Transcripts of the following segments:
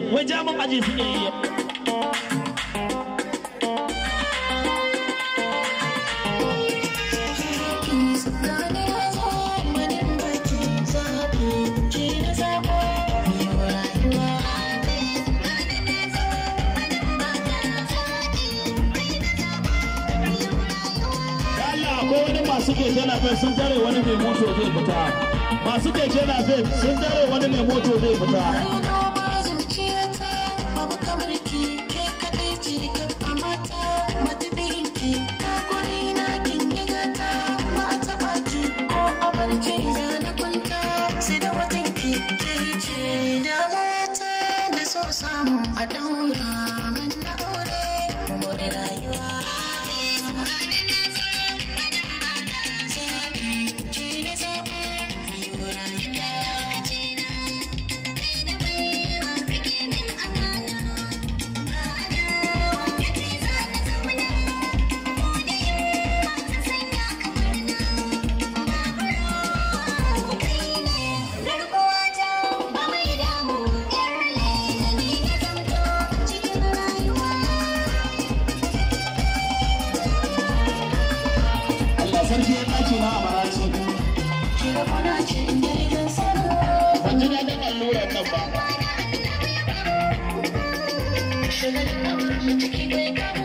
masu keke na sun tare wani mai moto zai fita masu keke na sun tare wani mai moto zai fita I don't love. to Keep it going.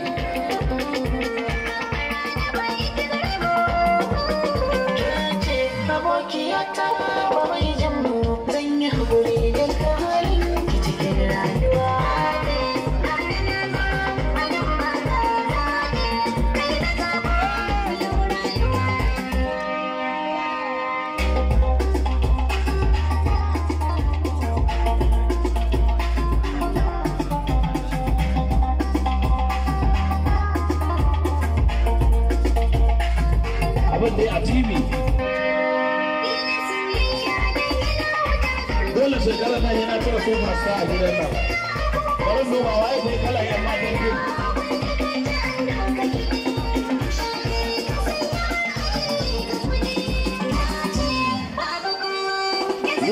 matasa a gidan nan bari mu ba wai kai kala yan matan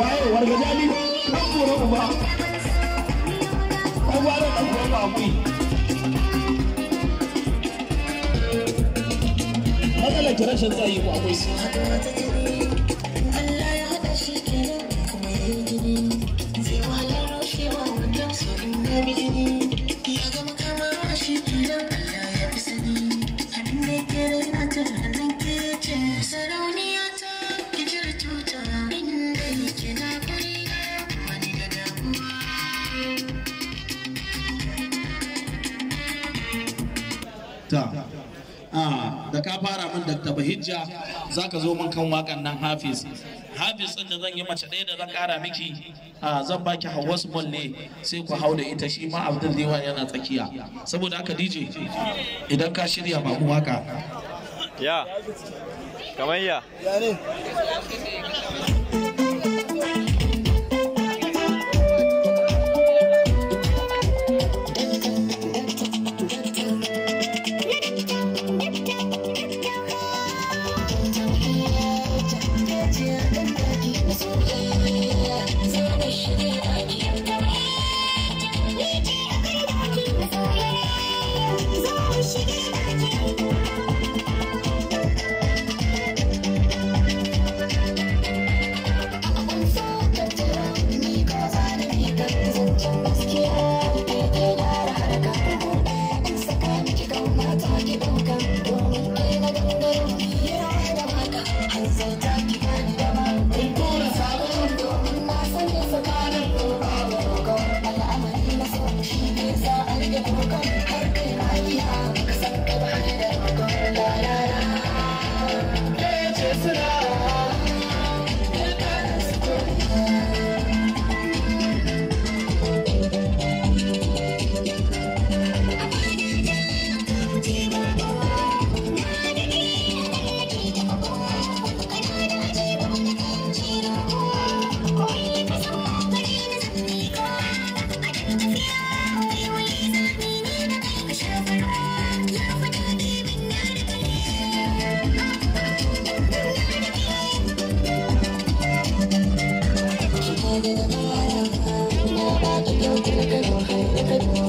waye wargajali kan kore uba kan gwara kan kore ba mu matsalar rashin tsayi ko akwai su Ah, da ka fara min dakta bahijja za ka zo min kan wakan nan hafiz hafiz ɗin da zan yi mace ɗaya da zan ƙara miki ah, zan baki hawas ne sai ku hau da ita shi ma abdul yana tsakiya saboda haka dj idan ka shirya ba waka ya kamar ya Thank you.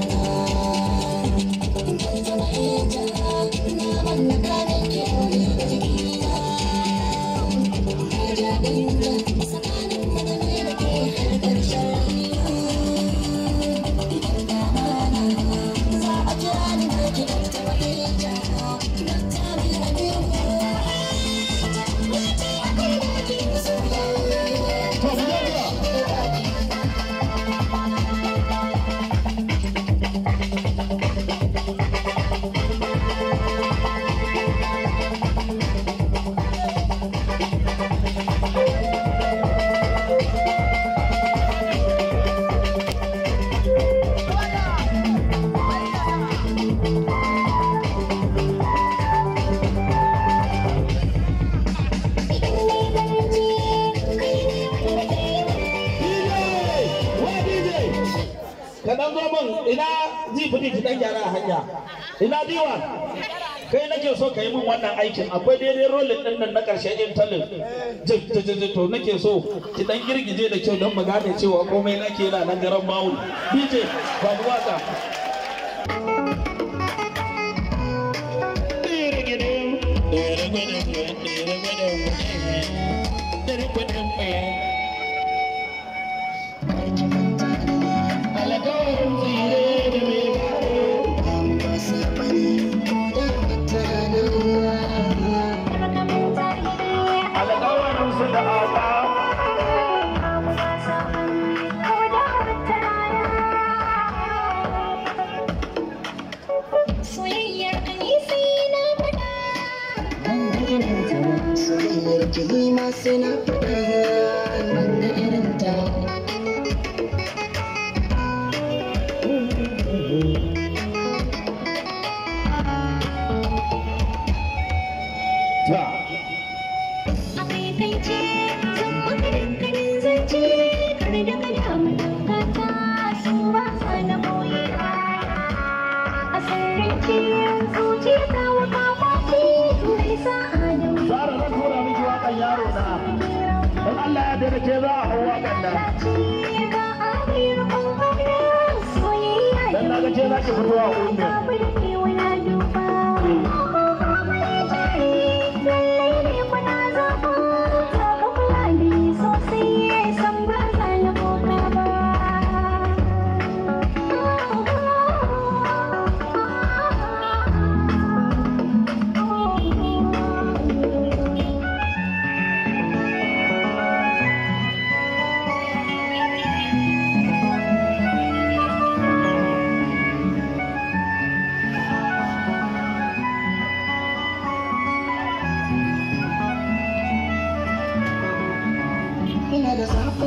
ka dan zo ina zifiri ki dan gyara hanya ina diwa kai nake so ka yi min wannan aikin akwai daidai rolin din nan na karshe in talin to nake so ki dan girgije da kyau dan mu gane cewa komai nake yana nan garan bawul dj ba duwata Christina. Dan na ga ce za ki fito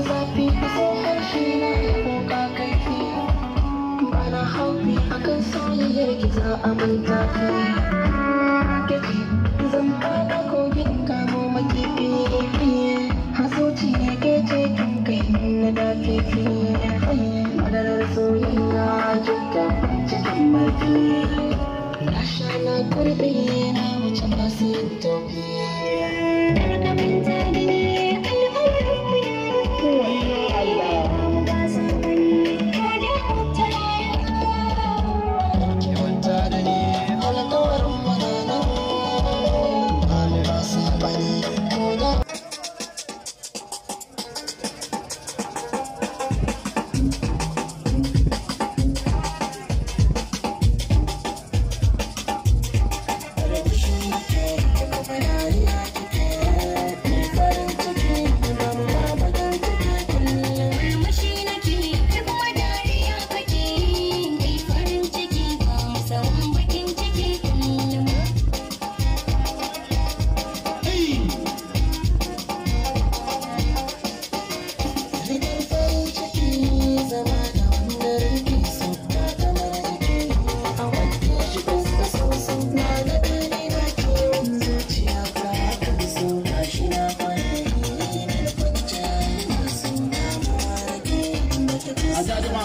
zafi ko ƙarfi ko ka kaifi ba akan soyayyar ki a manta kai zan kai na dafifi madarar soyayya jikka cikin mafi na wuce masu tafiya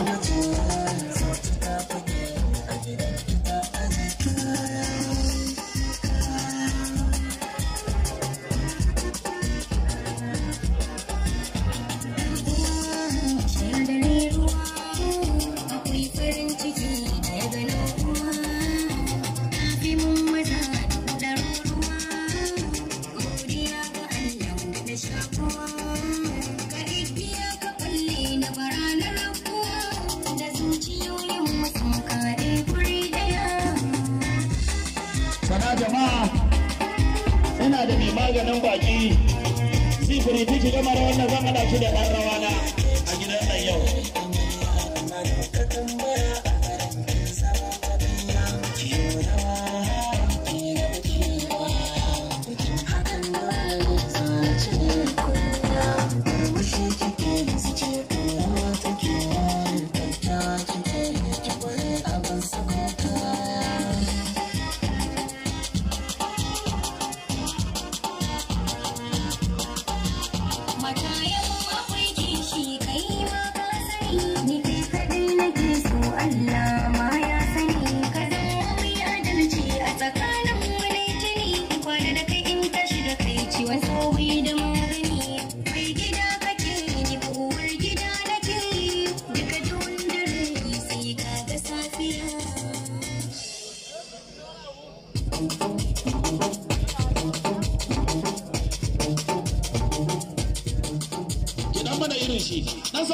promise. manyan baki zifiri titi gama da wannan zan hada shi da ɗan rawa